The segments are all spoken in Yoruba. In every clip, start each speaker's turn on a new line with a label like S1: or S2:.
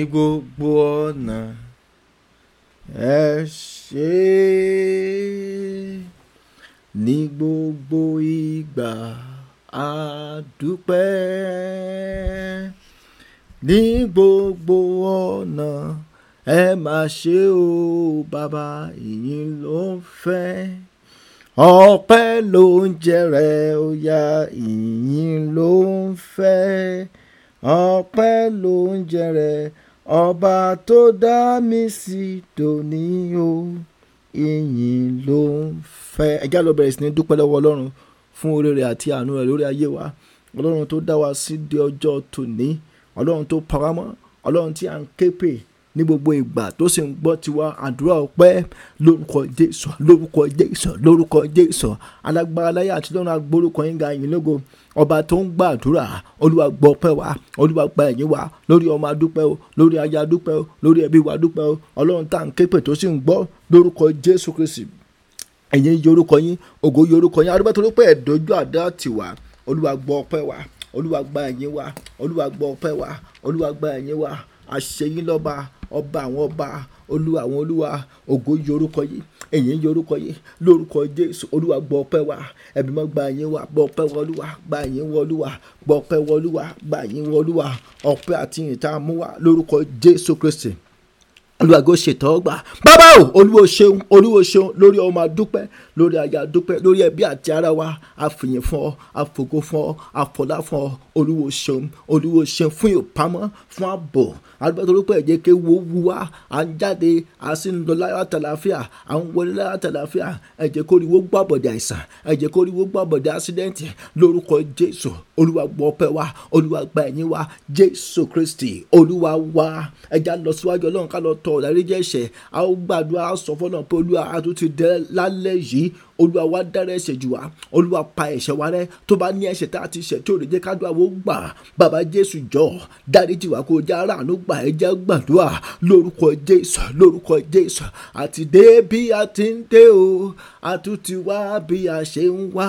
S1: ní gbogbo ọ̀nà ẹ ṣé ní gbogbo ìgbà a dúpẹ́ ní gbogbo ọ̀nà ẹ má ṣe o bàbá ìyìn ló ń fẹ́ ọpẹ́ ló ń jẹrẹ ó yá ló ń fẹ́ ọpẹ́ ló ń jẹrẹ ọba tó dá mi sí tòní o ìyìn ló ń fẹ́. ẹjá lọ bẹ̀rẹ̀ sí ní dúpẹ́ lọ́wọ́ ọlọ́run fún oore rẹ̀ àti àánú rẹ̀ lórí ayé wa ọlọ́run tó dá wa sí di ọjọ́ tòní ọlọ́run tó pa wá mọ́ ọlọ́run tí à ń ké ní gbogbo ìgbà tó sì ń gbọ́ tiwa àdúrà ọpẹ́ lórúkọ jésù lórúkọ jésù lórúkọ jésù alágbára láyé àti lọ́run agbórúkọ yín ga yín lógo ọba tó ń gba àdúrà olúwa gbọ́ ọpẹ́ wa olúwa gba ẹ̀yìn wa lórí ọmọ adúpẹ́ o lórí aya adúpẹ́ o lórí ẹbí wa adúpẹ́ o ọlọ́run tá à ń képè tó sì ń gbọ́ lórúkọ jésù kristi ẹ̀yin yorùkọ yín ògo yorùkọ yín adúpẹ́ torí pé ẹ̀dọ́jú àdá tiwa olúwa gbọ́ ọpẹ́ wa olúwa gba ẹ̀yìn wa olúwa gbọ́ ọpẹ́ wa olúwa gba ẹ̀yìn wa àṣeyín lọ́ba ọba àwọn ọba olúwa àwọn olúwa ògo yí orúkọ yìí èyí yí orúkọ yìí lórúkọ jésù olúwa gbọ́ ọpẹ́ wa ẹ̀mí mọ́ gba yín wa gbọ́ ọpẹ́ wọlúwa gba yín wọlúwa gbọ́ ọpẹ́ wọlúwa gba yín wọlúwa ọpẹ́ àti ìyìn tá a mú wa lórúkọ jésù kristi olùwàgò ṣètọ́ gbà bàbá o olúwo ṣeun olúwo ṣeun lórí ọmọ adúpẹ́ lórí aya adúpẹ́ lórí ẹbí àti ara wa àfìyìn fún ọ àfògo fún ọ àfọlá fún ọ olúwo ṣeun olúwo ṣeun fún ìpamọ́ fún ààbò àdúgbò tó lópẹ́ ẹ̀jẹ̀ ké wo wú wá à ń jáde à sì ń lọ láyọ̀ àtàlàfíà à ń wọlé láyọ̀ àtàlàfíà ẹ̀jẹ̀ kóríwó gbọ́ àbọ̀dẹ̀ àìsàn ẹ̀jẹ̀ kóríwó gbọ́ àbọ̀dẹ̀ àṣídẹ́ǹtì lórúkọ jésù olúwa gbọ́ ọpẹ́ wa olúwa gba ẹ̀yìn wa jésù kristi olúwa wa ẹja lọ síwájú ọlọ́run ká lọ tọ̀ ọ̀dà ẹ̀ṣẹ̀ a ó gbàdúrà sọ fọ́nà pé olúwa a tún ti dẹ́ lálẹ́ yìí olúwa wá dára ẹ̀ṣẹ̀ jù wá olúwa pa ẹ̀ṣẹ̀ wa rẹ́ tó bá ní ẹ̀ṣẹ̀ tá a ti ṣẹ̀ tí ò lè jẹ́ kádùá wo gbà bàbá jésù jọ dáríjì wá kó já ráàánú gbà ẹ jẹ́ gbàdúrà lórúkọ jésù lórúkọ jésù àti dé bí a ti ń dé o àtúntì wá bí a ṣe ń wá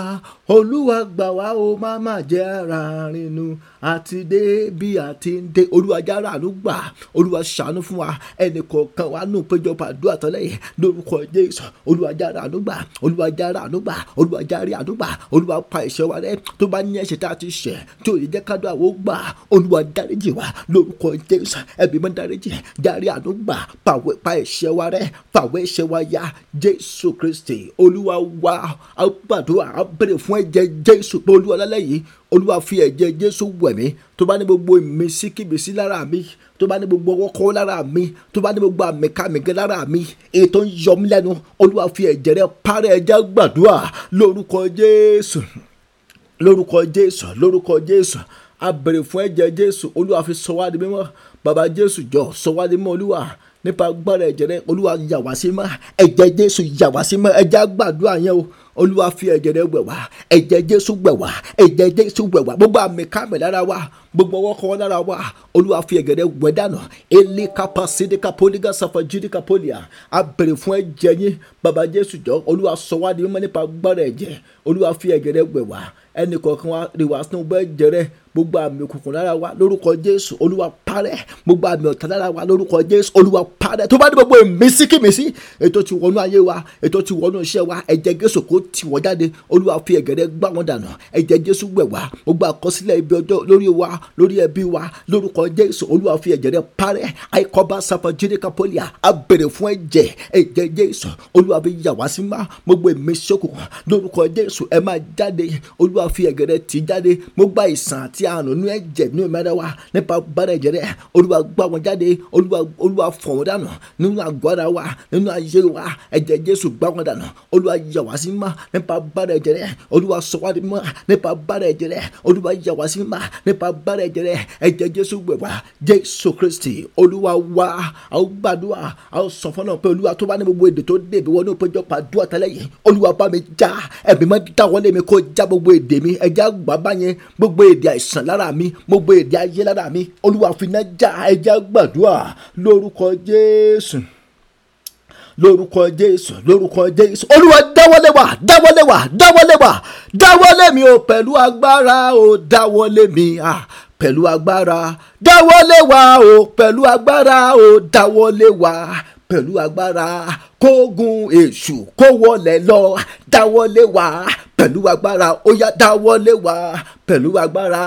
S1: olúwa gbà wá o má má jẹ́ ara rinu àti dé bí àti ń dé olúwa jára àánú gbà olúwa ṣàánú fún wa ẹnì kọ̀ọ̀kan wa nù péjọpọ̀ àdúrà tọ́lẹ̀ lórúkọ jésù olúwa jára àánú gbà olúwa jára àánú gbà olúwa járe àánú gbà olúwa pa ẹ̀ṣẹ̀ wa rẹ́ tó bá ní ẹ̀ṣẹ̀ tá a ti ṣẹ̀ tí òye jẹ́ ká dùn gbà olúwa dáríjì wa lórúkọ jésù ẹbí mọ́ dáríjì járe àánú gbà pa ẹ̀ṣẹ̀ wa rẹ́ pàwọ́ ẹ̀ṣẹ̀ wa ya jésù kristi olúwa wa àgbàdo àbẹ̀rẹ̀ fún ẹ̀ ẹ̀jẹ̀ jésù pé olúwa lálẹ́ yìí olúwa fi ẹ̀jẹ̀ jésù wẹ̀ mí tó bá ní gbogbo ìmísí kìbìsí lára mi tó bá ní gbogbo ọwọ́ kọ́ lára mi tó bá ní gbogbo àmìkàmìkà lára mi èyí tó ń yọ mí lẹ́nu olúwa fi ẹ̀jẹ̀ rẹ parẹ́ ẹ̀jẹ̀ gbàdúrà lórúkọ jésù lórúkọ jésù lórúkọ jésù a béèrè fún ẹ̀jẹ̀ jésù olúwa fi sọ wá di mímọ́ bàbá jésù jọ sọ wá di mímọ́ olúwa nípa agbára ẹ̀jẹ̀ rẹ olúwa yà wá sí mọ́ ẹ̀jẹ̀ jésù yà wá sí mọ́ ẹ̀jẹ̀ àgbàdua yẹn o olúwa fi ẹ̀jẹ̀ rẹ wẹ̀ ẹ̀jẹ̀ jésù wẹ̀ ẹ̀jẹ̀ jésù wẹ̀ gbogbo àmì kámẹ̀ lára wa gbogbo ọwọ́ kan lára wa olúwa fi ẹ̀jẹ̀ rẹ wẹ̀ dànù ilé kapa sídìkà pólígà sàfà jídìkà pólíà a bèrè fún ẹ̀jẹ̀ yín bàbá jésù jọ olúwa sọ wá di mímọ́ nípa agbára ẹ̀jẹ̀ olúwa fi ẹ̀jẹ̀ wa rè wá sínú ẹ̀jẹ̀ rẹ parẹ́ gbogbo àmì ọ̀tá lára wa lórúkọ jésù olúwa parẹ́ tó bá ní gbogbo ìmísí kìmísí ètò ti wọnú ayé wa ètò ti wọnú iṣẹ́ wa ẹ̀jẹ̀ jésù kò tì wọ́n jáde olúwa fi ẹ̀gẹ̀rẹ̀ gbá wọn dànù ẹ̀jẹ̀ jésù wẹ̀ wá gbogbo àkọsílẹ̀ ibi ọjọ́ lórí wa lórí ẹbí wa lórúkọ jésù olúwa fi ẹ̀jẹ̀ rẹ̀ parẹ́ àìkọ́bá sáfà jíríkà pọ́lìà a fún ẹ̀jẹ̀ ẹ̀jẹ̀ jésù olúwa fi yà wá sí má gbogbo ìmísí òkú àti àrùn nú ẹ̀jẹ̀ nú ìmẹ́rẹ̀ wa nípa bára ẹ̀jẹ̀ rẹ̀ sílẹ̀ olúwa gbá wọn jáde olúwa olúwa fọ̀ wọn dànù nínú àgọ́ra wa nínú ayé wa ẹ̀jẹ̀ jésù gbá wọn dànù olúwa yà wá sí mọ́ nípa bára ẹ̀jẹ̀ rẹ̀ olúwa sọ wá nípa bára ẹ̀jẹ̀ rẹ̀ olúwa yà wá sí mọ́ nípa bára ẹ̀jẹ̀ rẹ̀ ẹ̀jẹ̀ jésù gbẹ̀ wá jésù kristi olúwa wá a gbàdúrà a ó pé olúwa tó bá ní gbogbo èdè tó dé ìbí wọnú péjọpọ̀ àdúrà tẹ́lẹ̀ yìí iná já ẹja gbàdúrà lórúkọ jésù lórúkọ jésù lórúkọ jésù olúwa dáwọ́lé wa dáwọ́lé wa dáwọ́lé wa dáwọ́lé mi o pẹ̀lú agbára o dáwọ́lé mi a pẹ̀lú agbára dáwọ́lé wa o pẹ̀lú agbára o dáwọ́lé wa pẹ̀lú agbára kógun èṣù kó wọlé lọ dáwọ́lé wa pẹ̀lú agbára ó yá dáwọ́lé wa pẹ̀lú agbára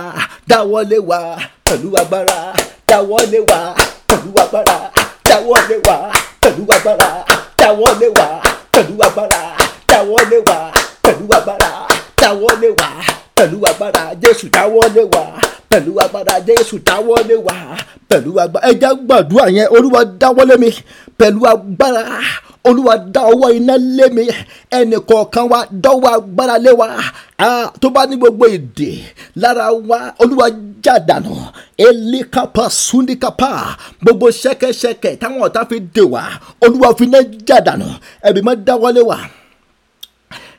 S1: dáwọ́lé wa pẹ̀lú agbára jáwọ́ lé wa pẹ̀lú agbára jáwọ́ lé wa pẹ̀lú agbára jáwọ́ lé wa pẹ̀lú agbára jáwọ́ lé wa pẹ̀lú agbára jáwọ́ lé wa pẹ̀lú agbára Jésù jáwọ́ lé wa pẹ̀lú agbára jésù dáwọ́lé wa pẹ̀lú agbára ẹja gbàdúrà yẹn olúwa dáwọ́lé mi pẹ̀lú agbára olúwa dá ọwọ́ iná lé mi ẹnì kọ̀ọ̀kan wa dọ́wọ́ agbára lé wa tó bá ní gbogbo èdè lára wa olúwa jàdánù elikapa sundikapa gbogbo ṣẹ̀kẹ̀ṣẹ̀kẹ̀ táwọn ọ̀tá fi dè wá olúwa fi iná jàdánù ẹ̀bí má dáwọ́lé wa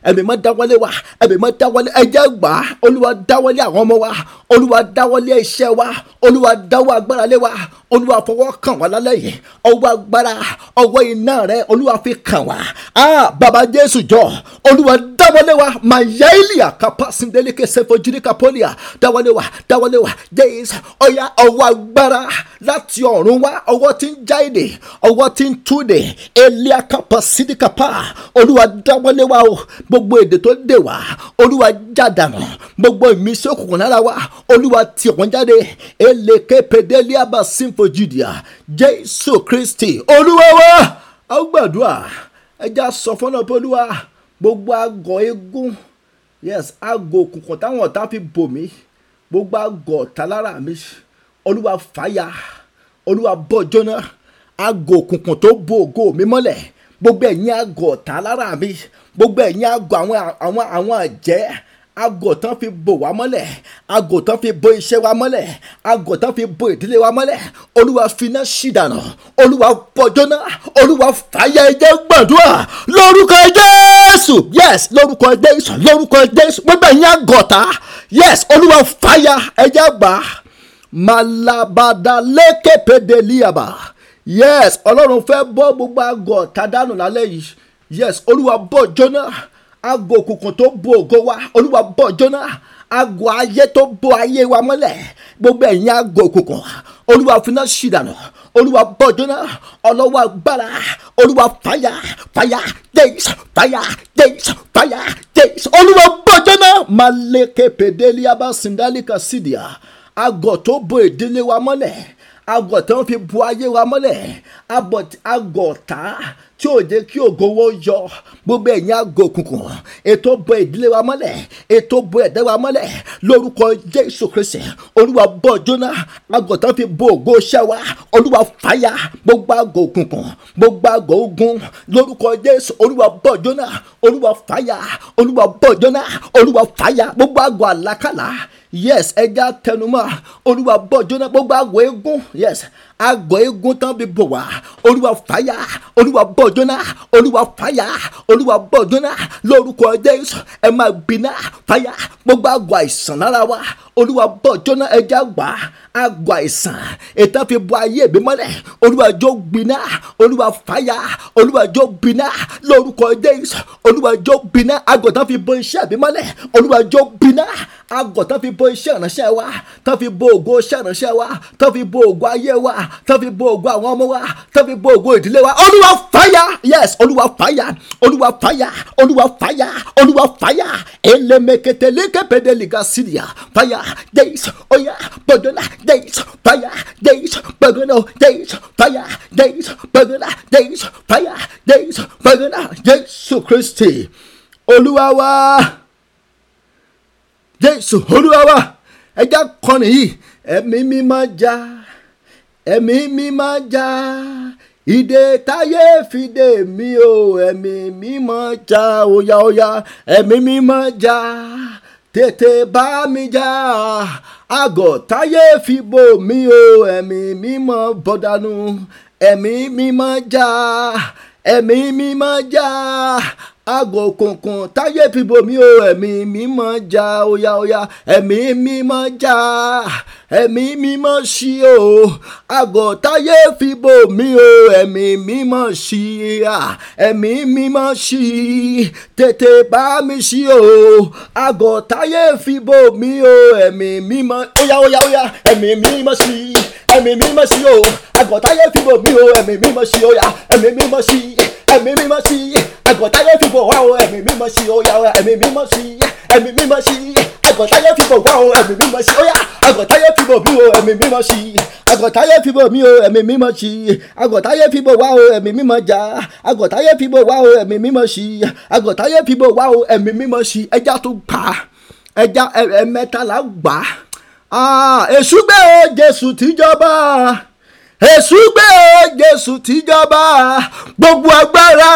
S1: ẹ̀mí má dáwọ́lé wa ẹ̀mí má dáwọ́lé ẹ̀jẹ̀ gbà á olúwa dáwọ́lé àwọn ọmọ wa olúwa dáwọ́lé iṣẹ́ wa olúwa dáwọ́ agbára lé wa olúwa fọwọ́ kàn wá lálẹ́ yìí ọwọ́ agbára ọwọ́ iná rẹ olúwa fi kàn wá ah baba jésù jọ olúwa dáwọ́lé wa mayaili akapa sindelike sefojirika polia dáwọ́lé wa dáwọ́lé wa jésù ọ̀ya ọwọ́ agbára láti ọ̀run wá ọwọ́ tí ń já èdè ọwọ́ tí ń túdè eléa kápá sídìí kápá olúwa dáwọ́lé wa o gbogbo èdè tó dè wá olúwa jádàmú gbogbo ìmísí òkùnkùn lára wa olúwa tì wọ́n jáde eléke pedeliaba symphogidia jésù kristi olúwa wa a gbàdúrà ẹja sọ fọnà pé olúwa gbogbo àgọ́ eégún yes àgọ́ òkùnkùn táwọn ọ̀tá fi bò mí gbogbo àgọ́ ọ̀tá lára mi olúwa fàyà olúwa bọ́ jóná aago òkùnkùn tó bo ògo mi mọ́lẹ̀ gbogbo ẹ̀yin aago ọ̀tá lára mi gbogbo ẹ̀yin aago àwọn àwọn àwọn àjẹ́ agòtán fi bò wá mọ́lẹ̀ agòtán fi bò iṣẹ́ wa mọ́lẹ̀ agòtán fi bò ìdílé wa mọ́lẹ̀ olúwa finá sí dànù olúwa pọ̀jọ́ náà olúwa fàyà ẹ̀jẹ̀ gbàdúrà lórúkọ jésù yes lórúkọ jésù lórúkọ jésù gbogbo ẹ̀yin agòtá yes olúwa fàyà ẹ̀jẹ̀ gbàdúrà malabadalekepedeliaba yes ọlọ́run fẹ́ bọ́ gbogbo àgọ́ tàdánù lálẹ́ yìí yes olúwa bọ̀ jóná àgọ́ òkùnkùn tó bo ògo wa olúwa bọ̀ jóná àgọ́ ayé tó bo ayé wa mọ́lẹ̀ gbogbo ẹ̀yin àgọ́ òkùnkùn olúwa finá ṣìdànù olúwa bọ̀ jóná ọlọ́wọ́ agbára olúwa fàyà fàyà days fàyà days fàyà days olúwa bọ̀ jóná malekepedeliaba sindalika sidia agọ̀ tó bo ìdílé wa mọ́lẹ̀ agọ̀ tó ń fi bu ayé wa mọ́lẹ̀ agọ̀ tá tí ò jẹ́ kí ògowó yọ gbogbo ẹ̀yin aago òkùnkùn ètò bọ ìdílé wa mọ́lẹ̀ ètò bọ ẹ̀dá wa mọ́lẹ̀ lórúkọ jésù kristi olúwa bọ̀ jóná agọ̀tàn fi bo ògo iṣẹ́ wa olúwa fàyà gbogbo aago òkùnkùn gbogbo aago ogun lórúkọ jésù olúwa bọ̀ jóná olúwa fàyà olúwa bọ̀ jóná olúwa fàyà gbogbo aago àlàkàlà yes ẹja tẹnumọ́ olúwa bọ́ jóná gbogbo àgọ́ eégún yes àgọ́ eégún tán bí bò wá olúwa fàyà olúwa bọ́ jóná olúwa fàyà olúwa bọ́ jóná lórúkọ jésù ẹ máa gbiná fàyà gbogbo àgọ́ àìsàn lára wa olúwa bọ́ jóná ẹja gbà àgọ́ àìsàn ètò fi bọ ayé mi mọ́lẹ̀ olúwa jó gbiná olúwa fàyà olúwa jó gbiná lórúkọ jésù olúwa jó gbiná àgọ́ tán fi bọ iṣẹ́ mi mọ́lẹ̀ olúwa jó gbiná agọ̀ tán fi bo iṣẹ́ ìránṣẹ́ wa tán fi bo ògo iṣẹ́ ìránṣẹ́ wa tán fi bo ògo ayé wa tán fi bo ògo àwọn ọmọ wa tán fi bo ògo ìdílé wa olúwa fàyà yes olúwa fàyà olúwa fàyà olúwa fàyà olúwa fàyà elemekete lekepede liga fàyà days oya gbọdọla days fàyà days gbọdọla days fàyà days gbọdọla days fàyà days gbọdọla Jésù Kristi olúwa wa jésù olúwa wa ẹja kọrin yìí ẹ̀mí mi máa já ẹ̀mí mi máa já ìdè táyé fìdè mi o ẹ̀mí mi máa já oya oya ẹ̀mí mi máa já tètè bá mi já àgọ̀ táyé fi bò mí o ẹ̀mí mi máa bọ̀dánù ẹ̀mí mi máa já ẹ̀mí mi máa já àgọ̀ òkùnkùn táyé fìbò mi o ẹ̀mí mímọ́ já oya oya ẹ̀mí mímọ́ já ẹ̀mí mímọ́ sí o àgọ̀ táyé fìbò mi o ẹ̀mí mímọ́ sí ẹ̀mí mímọ́ sí tètè bá mi sí o àgọ̀ táyé fìbò mi o ẹ̀mí mímọ́ oya oya oya ẹ̀mí mímọ́ sí ẹ̀mí mímọ́ sí o àgọ̀ táyé fìbò mi o ẹ̀mí mímọ́ sí oya ẹ̀mí mímọ́ sí ẹ̀mí mímọ́ sí àgọ́tá yóò fi bò wá o ẹ̀mí mímọ́ sí ó yá o ẹ̀mí mímọ́ sí ẹ̀mí mímọ́ sí àgọ́tá yóò fi bò wá o ẹ̀mí mímọ́ sí ó yá àgọ́tá yóò fi bò mí o ẹ̀mí mímọ́ sí àgọ́tá yóò fi bò mí o ẹ̀mí mímọ́ sí àgọ́tá yóò fi bò wá o ẹ̀mí mímọ́ já àgọ́tá yóò fi bò wá o ẹ̀mí mímọ́ sí àgọ́tá yóò fi bò wá o ẹ̀mí mímọ́ sí ẹja tó pa ẹja ẹ̀mẹ́ta là gbà á ah, èṣù gbé o Jésù tìjọba èṣù gbé o jésù tìjọba gbogbo agbára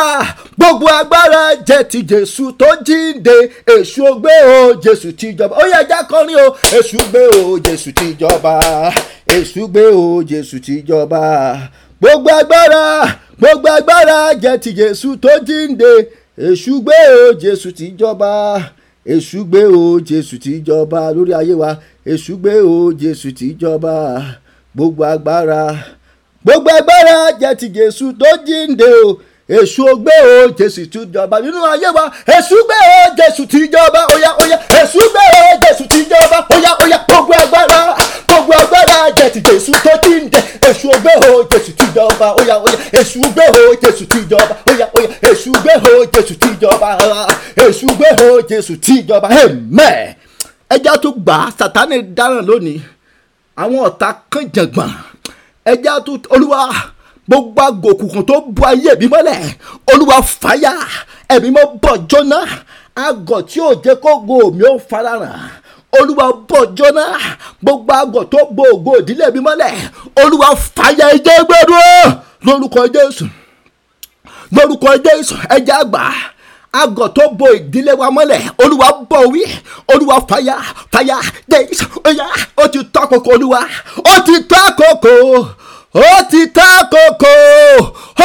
S1: gbogbo agbára jẹ́ ti jésù tó jíǹde èṣù gbé o jésù tìjọba ó yẹ ẹja kọrin o èṣù gbé o jésù tìjọba èṣù gbé o jésù tìjọba gbogbo agbára gbogbo agbára jẹ́ ti jésù tó jíǹde èṣù gbé o jésù tìjọba èṣù gbé o jésù tìjọba lórí ayé wa èṣù gbé o jésù tìjọba gbogbo agbára gbogbo agbára jẹ́ ti jésù tó jíǹde o èṣù gbé o jésù ti jọba nínú ayé wa èṣù gbé o jésù ti jọba oya oya èṣù gbé o jésù ti jọba oya oya gbogbo agbára gbogbo agbára jẹ́ ti jésù tó jíǹde èṣù gbé o jésù ti jọba oya oya èṣù gbé o jésù ti jọba oya oya èṣù gbé o jésù ti jọba èṣù gbé o jésù ti jọba amen ẹja tó gbà sátánì dáràn lónìí àwọn ọ̀tá kan jàngbọ̀n ẹja tó olúwa gbogbo àgòkù kan tó bu ayé mi mọ́lẹ̀ olúwa fàyà ẹ̀mí mọ́ bọ̀ jóná àgọ̀ tí ò jẹ́ kó go mi ò farahàn olúwa bọ̀ jóná gbogbo àgọ̀ tó bo ògo ìdílé mi mọ́lẹ̀ olúwa fàyà ẹ̀jẹ̀ gbẹdúró lórúkọ Jésù lórúkọ Jésù ẹ̀jẹ̀ àgbà àgọ́ tó bo ìdílé wa mọ́lẹ̀ olúwa bọ̀ wí olúwa fàyà fàyà days oya ó ti tó àkókò olúwa ó ti tó àkókò ó ti tó àkókò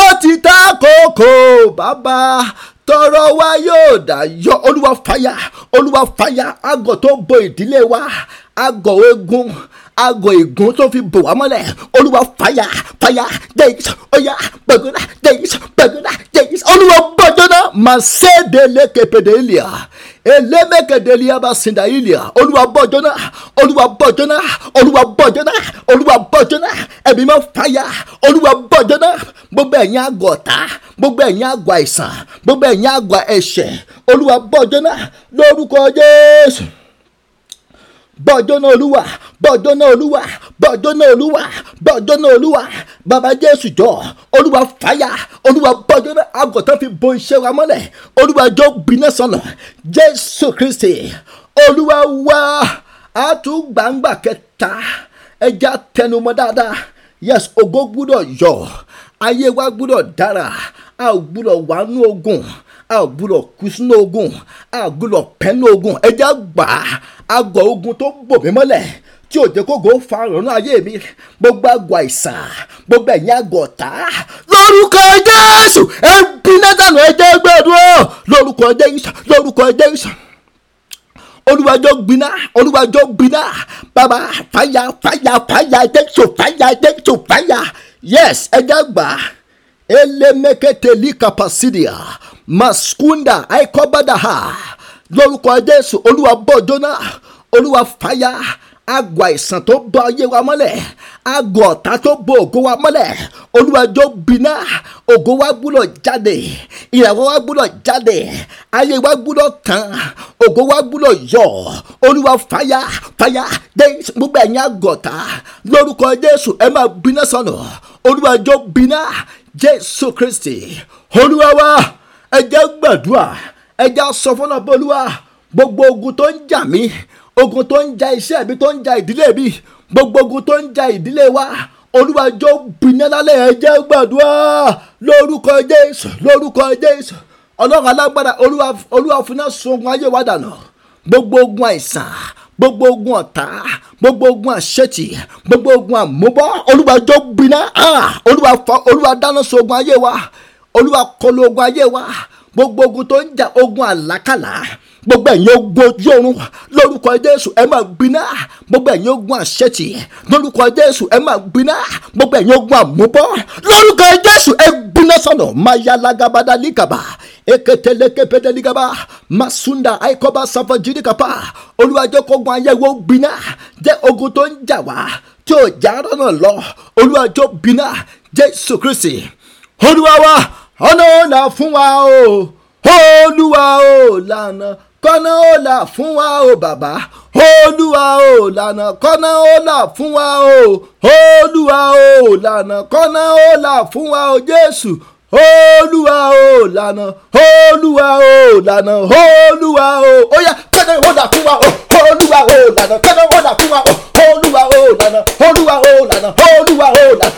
S1: ó ti tó àkókò bàbá tọrọ wa yóò dàyọ olúwa fàyà olúwa fàyà àgọ́ tó bo ìdílé wa àgọ́ egun aago ìgún tó fi bò wá mọ́lẹ̀ olúwa fàyà fàyà days oya gbẹ̀gbẹ̀rà days gbẹ̀gbẹ̀rà days olúwa bọ̀jọ́nà màsẹ́ẹ̀dẹ̀lẹ̀ kẹpẹ̀dẹ̀ ìlìà ẹlẹ́mẹ̀kẹ̀dẹ̀lẹ̀ bá sìndà ìlìà olúwa bọ̀jọ́nà olúwa bọ̀jọ́nà olúwa bọ̀jọ́nà olúwa bọ̀jọ́nà ẹ̀mí mọ́ fàyà olúwa bọ̀jọ́nà gbogbo ẹ̀yin àgọ̀ ọ̀tá gbogbo ẹ̀yin àgọ̀ àìsàn gbogbo ẹ̀yin àgọ̀ ẹ̀ṣẹ̀ olúwa bọ̀jọ́nà lórúkọ jésù bọ́jọ́nà olúwa bọ́jọ́nà olúwa bọ́jọ́nà olúwa bọ́jọ́nà olúwa bàbá jésù jọ olúwa fàyà olúwa bọ́jọ́nà àgùntàn fi bo iṣẹ́ wa mọ́lẹ̀ olúwa jọ gbiná sọnà jésù kristi olúwa wá àtúgbàǹgbà kẹta ẹja tẹnumọ́ dáadáa yes ògo gbúdọ̀ yọ ayé wa gbúdọ̀ dára a ò gbúdọ̀ wánú ogun a ò gbúdọ̀ kú sínú ogun a ò gbúdọ̀ pẹ́ nú ogun ẹja gbàá agọ̀ ogun tó bò mí mọ́lẹ̀ tí òde kógo fa ọ̀run ayé mi gbogbo agọ̀ àìsàn gbogbo ẹ̀yìn agọ̀ ọ̀tá lórúkọ jésù ẹbí nátàlú ẹjẹ gbẹdúró lórúkọ jésù lórúkọ jésù olùwàjọ gbiná olùwàjọ gbiná bàbá fàyà fàyà fàyà jésù fàyà jésù fàyà yes ẹjẹ gbà elemeketeli kapasidia maskunda aikobadaha lórúkọ jésù olúwa bọ̀ jóná olúwa fàyà àgọ́ àìsàn tó bọ ayé wa mọ́lẹ̀ àgọ́ ọ̀tá tó bọ ògo wa mọ́lẹ̀ olúwàjọ́ bínà ògo wa gbúdọ̀ jáde ìràwọ̀ wa gbúdọ̀ jáde ayé wa gbúdọ̀ tán ògo wa gbúdọ̀ yọ olúwa fàyà fàyà dé gbogbo ẹ̀yìn àgọ́ ọ̀tá lórúkọ jésù ẹ máa bínà sọnù olúwàjọ́ bínà jésù kristi olúwa ẹ jẹ́ gbàdúrà ẹja sọ fọlọ́ pé olúwa gbogbo ogun tó ń jà mí ogun tó ń ja iṣẹ́ mi tó ń ja ìdílé mi gbogbo ogun tó ń ja ìdílé wa olúwa jọ bìnná lálẹ́ ẹ̀jẹ̀ gbàdúrà lórúkọ jésù lórúkọ jésù ọlọ́run alágbára olúwa olúwa fúnná sungun ayé wa dànù gbogbo ogun àìsàn gbogbo ogun ọ̀tá gbogbo ogun àṣetì gbogbo ogun àmúbọ́ olúwa jọ bìnná ah, dáná sun ayé wa olúwa kọlu ogun ayé wa gbogbo ogun tó ń jà ogun àlákàlà gbogbo ẹ̀yin ogun ojú oorun lórúkọ jésù ẹ máa gbiná gbogbo ẹ̀yin ogun àṣetì lórúkọ jésù ẹ máa gbiná gbogbo ẹ̀yin ogun àmúbọ́ lórúkọ jésù ẹ gbiná sọ̀nà máa ya lágabada líkàbà eketelekepede ligaba masunda àìkọ́bá sàfọ̀jìdìkàpá olùwàjọkọ̀gùn ayẹwo gbiná jẹ́ ogun tó ń jà wá tí ò já rọ̀nà lọ olùwàjọ gbiná jésù kristi olúwa ọ̀nà ò là fún wa o olúwa ò lànà kọ́nà ó là fún wa o bàbá olúwa ò lànà kọ́nà ó là fún wa o olúwa ò lànà kọ́nà ó là fún wa o jésù olúwa ò lànà olúwa ò lànà olúwa ò ó yá kọ́nà ó là fún wa o olúwa ò lànà kọ́nà ó là fún wa o olúwa ò lànà olúwa ò lànà olúwa o, lànà.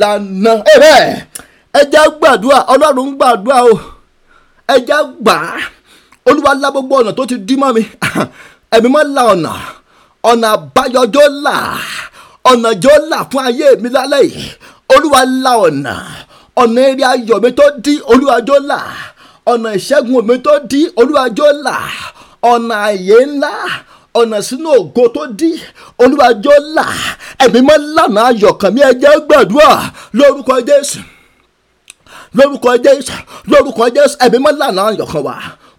S1: lànà ẹja gbàdúrà ọlọ́run ń gbàdúrà o ẹja gbà á olúwa la gbogbo ọ̀nà tó ti dí mọ́ mi ẹ̀mí mọ́ la ọ̀nà ọ̀nà àbáyọjọ́ là ọ̀nà jọ́ là fún ayé mi lálẹ́ yìí olúwa la ọ̀nà ọ̀nà eré ayọ̀ mi tó dí olúwa jọ́ là ọ̀nà ìṣẹ́gun mi tó dí olúwa jọ́ là ọ̀nà àyè ńlá ọ̀nà sínú ògo tó dí olúwàjọ́ là ẹ̀mí mọ́ lànà ayọ̀kànmí ẹ̀jẹ̀ gbàdúrà lórúkọ jésù lórúkọ jésù lórúkọ jésù ẹ̀mí mọ́ lànà ayọ̀kàn wa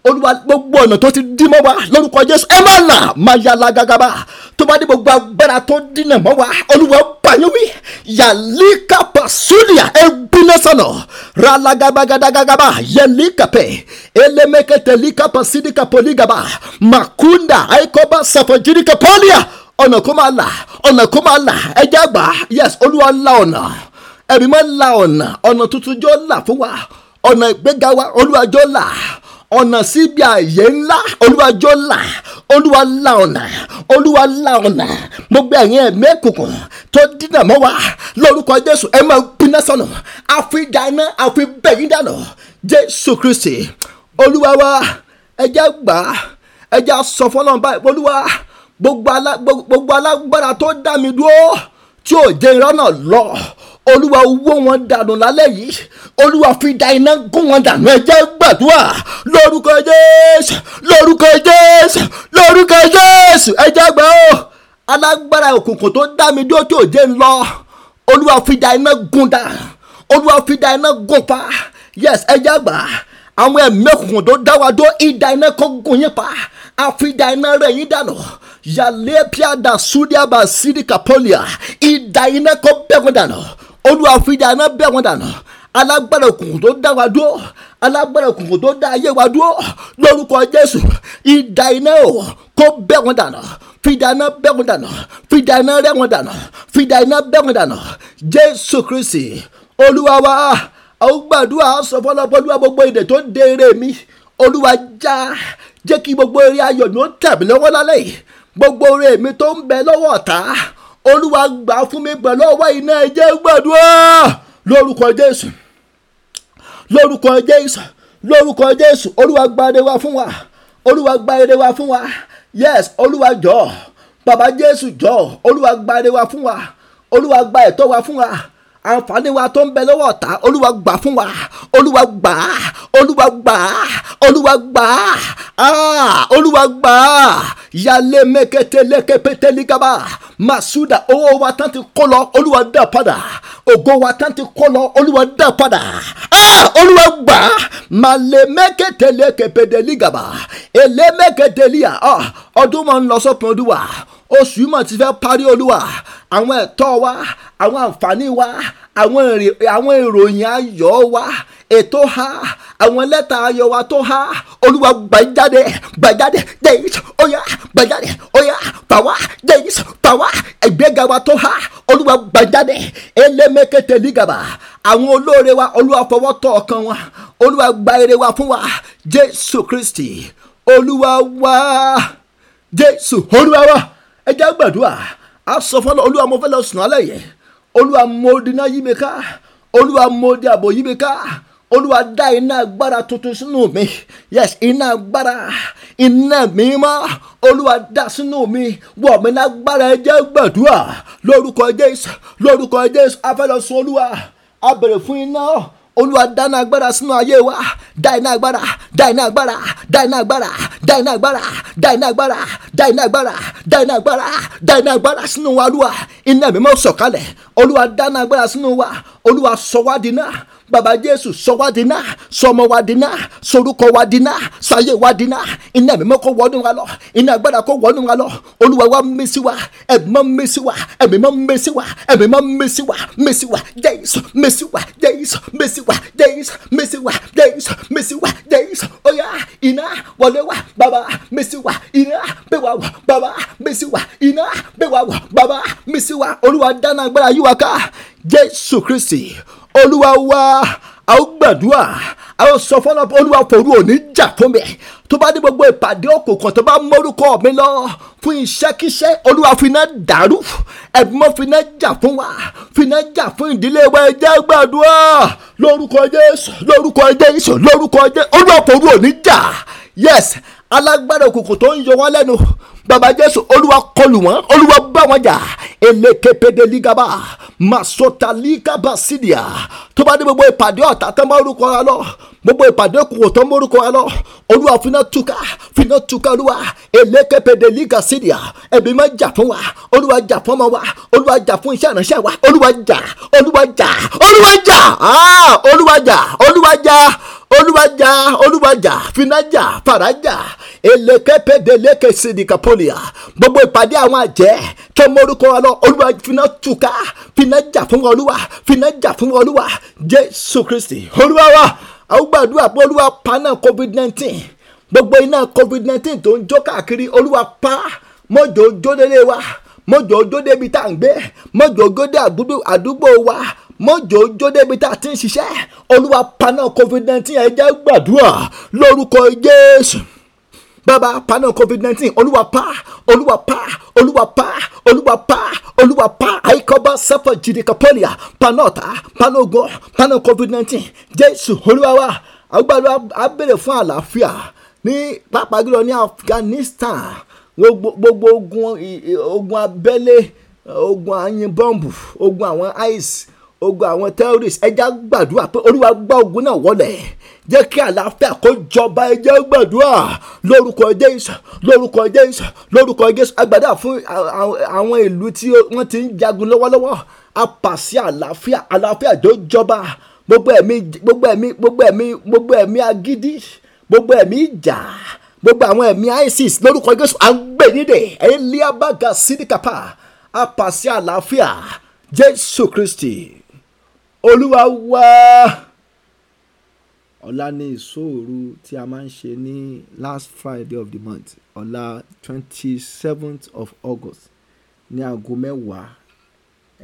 S1: olúwa gbogbo ọ̀nà tó ti dí mọ́ wa lórúkọ jésù ẹ má là má yà lágagaba tó bá dé gbogbo agbára tó dínà mọ́ wa olúwa bàyẹ̀ wí yàlíkà pàṣúlìà ẹgbínà sànà rálagabagagagaba yẹlíkàpẹ ẹlẹmẹkẹtẹlíkà pàṣídìkà pọlígàbà màkúndà àìkọ́bà sàfọ̀jìdìkà pọ́lìà ọ̀nà kó máa là ọ̀nà kó máa là ẹjẹ́ àgbà yes olúwa la ọ̀nà ẹ̀mí máa la ọ̀nà ọ̀nà tuntun jọ là fún wa ọ̀nà ìgbéga wa olúwa jọ là ọ̀nà síbi àyè ńlá olúwa jọ là olúwa la ọ̀nà olúwa la ọ̀nà mo gbé ẹ̀yin ẹ̀mí ẹ̀kùnkùn tó dínà mọ́ wa lórúkọ jésù ẹ máa gbiná sọnù àfi dáná àfi bẹ̀yìn dáná jésù kristi olúwa wa ẹja gbà ẹja sọ fọlọ́n báyìí olúwa gbogbo alágbára tó dá mi dúró tí ò jẹ́ ìrọ́nà lọ olúwa wó wọn dànù lálẹ́ yìí olúwa fi da iná gún wọn dànù ẹ jẹ́ gbàdúrà lórúkọ jésù lórúkọ jésù lórúkọ jésù ẹ gbà ó alágbára òkùnkùn tó dá mi dúró tí ò jẹ́ ń lọ olúwa fi da iná gún dànù olúwa fi da iná gún pa yes ẹ jẹ́ gbà àwọn ẹ̀mí òkùnkùn tó dá wa dó ìdá iná kan gún yín pa àfidà iná rẹ̀ yín dànù yàlẹ́ píàdà súdíàbà sídìkà pọ́lìà ìdá iná kan bẹ́gun dànù olúwa fìdá iná bẹ́ wọn dànù alágbára òkùnkùn tó dá wa dúró alágbára òkùnkùn tó dá ayé wa dúró lórúkọ jésù ìdá iná o kó bẹ́ wọn dànù fìdá iná bẹ́ wọn dànù fìdá iná rẹ́ wọn dànù fìdá iná bẹ́ wọn dànù jésù kristi olúwa wa àwọn gbàdúrà sọ fọlọpọ olúwa gbogbo èdè tó dé eré mi olúwa já jẹ́ kí gbogbo eré ayọ̀ mi ó tẹ̀ mí lọ́wọ́ lálẹ́ yìí gbogbo eré mi tó ń bẹ lọ́wọ́ ọ̀tá olúwa gbà fún mi pẹ̀lú ọwọ́ iná ẹ̀jẹ̀ gbàdúrà lórúkọ jésù lórúkọ jésù lórúkọ jésù olúwa gba èrè wa fún wa olúwa gba èrè wa fún wa yes olúwa jọ bàbá jésù jọ olúwa gba èrè wa fún wa olúwa gba ẹ̀tọ́ wa fún wa àǹfààní wa tó ń bẹ lọ́wọ́ ọ̀tá olúwa gbà fún wa olúwa gbà olúwa gbà olúwa gbà ah, olúwa gbà yálé mẹ́kẹ́tẹ́ lẹ́kẹ́pẹ́tẹ́ lígaba masuda owó wa tán ti kó lọ olúwa dá padà ògo wa tán ti kó lọ olúwa dá padà ah, olúwa gbà malẹ̀ mẹ́kẹ́tẹ́ lẹ́kẹ́pẹ́tẹ́ lígaba èlé mẹ́kẹ́tẹ́ ah, ọdún mọ́ ń lọ sọ́kùn olúwa oṣù yìí mà ti fẹ́ parí olúwa àwọn ẹ̀tọ́ wa àwọn àǹfààní wa àwọn ìròyìn ayọ̀ wa ètò ha àwọn lẹ́tà ayọ̀ wa tó ha olúwa gbàjáde gbàjáde days oya gbàjáde oya pàwá days pàwá ẹgbẹ́ga wa tó ha olúwa gbàjáde elémekete nígàbà àwọn olóore wa olúwa fọwọ́ tọ́ ọkàn wa olúwa gba èrè wa fún wa jésù kristi olúwa wá jésù olúwa wá ẹ jẹ́ gbàdúrà a sọ fọlọ́ olúwa mo fẹ́ lọ sùn alẹ́ yẹ olúwa mo dínà yí mi ká olúwa mo di àbò yí mi ká olúwa dá iná agbára tuntun sínú mi yes iná agbára iná mímọ́ olúwa dá sínú mi wọ̀ mí lágbára ẹ jẹ́ gbàdúrà lórúkọ jésù lórúkọ jésù afẹ́lọ́sùn olúwa a bèrè fún iná olúwa dáná agbára sínú ayé wa dá iná agbára dá iná agbára dá iná agbára dá iná agbára dá agbára dá agbára dá agbára dá agbára sínú wa olúwa iná mímọ́ sọ̀kalẹ̀ olúwa dáná agbára sínú wa olúwa sọ náà Baba jésù sọ wá di náà sọmọ wá di náà sorúkọ wá di náà sáyé wá di náà iná mímọ́ kó wọnú wa lọ iná agbára kó wọnú wa lọ olúwa wa mẹ́sí wa ẹ̀mọ́ mẹ́sí wa ẹ̀mímọ́ mẹ́sí wa ẹ̀mímọ́ mẹ́sí wa mẹ́sí wa jésù mẹ́sí wa jésù mẹ́sí wa jésù mẹ́sí wa jésù mẹ́sí wa jésù ọ̀yà iná wọlé wa bàbá mẹ́sí wa iná bẹ́ wa wọ̀ bàbá mẹ́sí wa iná bẹ́ wa wọ̀ bàbá mẹ́sí wa olúwa dáná agbára yíwa ká jésù kristi olúwa wa a ó gbàdúrà a ó sọ fọlọ olúwa fòru òní jà fún mi tó bá dé gbogbo ìpàdé òkùnkùn tó bá mórúkọ mi lọ fún iṣẹ́kíṣẹ́ olúwa finá dàrú ẹ̀gbọ́n finá jà fún wa finá jà fún ìdílé wa ẹ̀jẹ̀ gbàdúrà lórúkọ jésù lórúkọ jésù lórúkọ jésù olúwa fòru òní jà yes alágbára òkùnkùn tó ń yọ wọ́n lẹ́nu baba jésù olúwa kọlù wọn olúwa bá wọn jà elekepede ligaba masotalikaba sidia tó bá dé gbogbo ìpàdé ọ̀tá tó ń bá orúkọ wa lọ gbogbo ìpàdé kòkò tó ń bá orúkọ wa lọ olúwa fúnná túká fúnná túká olúwa elekepede liga sidia ẹbí máa jà fún wa olúwa jà fún ọmọ wa olúwa jà fún iṣẹ́ ìránṣẹ́ wa olúwa jà olúwa jà olúwa jà ah, olúwa jà olúwa jà olúwa jà olúwa jà fúnná jà fàrà jà elekepe deleke sidikapolia gbogbo ìpàdé àwọn àjẹ́ tó mórúkọ wa lọ olúwa finá túká finá jà fún olúwa fina jà fún olúwa jésù kristi olúwa wa àwọn gbàdúrà olúwa pa náà covid nineteen gbogbo iná covid nineteen tó ń jó káàkiri olúwa pa mọ́jọ́ jódélé wa mọ́jọ́ jódébi tá à ń gbé mọ́jọ́ jódé àdúgbò wa mọ́jọ́ jódébi tá a ti ń ṣiṣẹ́ olúwa pa náà covid nineteen ẹ jẹ́ gbàdúrà lórúkọ jésù bàbá paná covid nineteen olúwa pa olúwa pa olúwa pa olúwa pa olúwa pa àyíkọ́bá sáfà jìdìkàpọ́lìà paná ọ̀tá paná ogun paná covid nineteen jésù olúwa wa àgbàdo abẹ́rẹ́ fún àlàáfíà ní pàápàá jùlọ ní afghanistan gbogbo ogun ogun abẹ́lé ogun àyìn bọ́ǹbù ogun àwọn ice ogun àwọn terrorists ẹja gbàdúrà pé olúwa gbá ogun náà wọlé jẹ́ kí àlàáfíà kó jọba ẹja gbàdúrà lórúkọ jésù lórúkọ jésù lórúkọ jésù agbádá fún àwọn ìlú tí wọ́n ti ń jagun lọ́wọ́lọ́wọ́ apàṣẹ àlàáfíà àlàáfíà tó jọba gbogbo ẹ̀mí gbogbo ẹ̀mí gbogbo ẹ̀mí gbogbo ẹ̀mí agídí gbogbo ẹ̀mí ìjà gbogbo àwọn ẹ̀mí isis lórúkọ jésù à ń gbè nídè eliabaga sídìkàpà apàṣẹ àlàáfíà jésù kristi olúwa wá ọ̀la ni ìṣòro tí a máa ń ṣe ní last friday of the month ọ̀la twenty seventh of august ní aago mẹ́wàá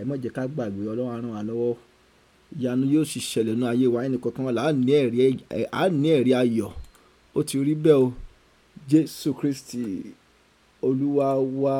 S1: ẹ má jẹ́ ká gbàgbé ọlọ́run á ràn wá lọ́wọ́ ìyanu yóò sì ṣẹlẹ̀ nínú ayé wa ẹnì kankan wà láà ní ẹ̀rí ayọ̀ ó ti rí bẹ́ẹ̀ o jésù kristi olúwa wá.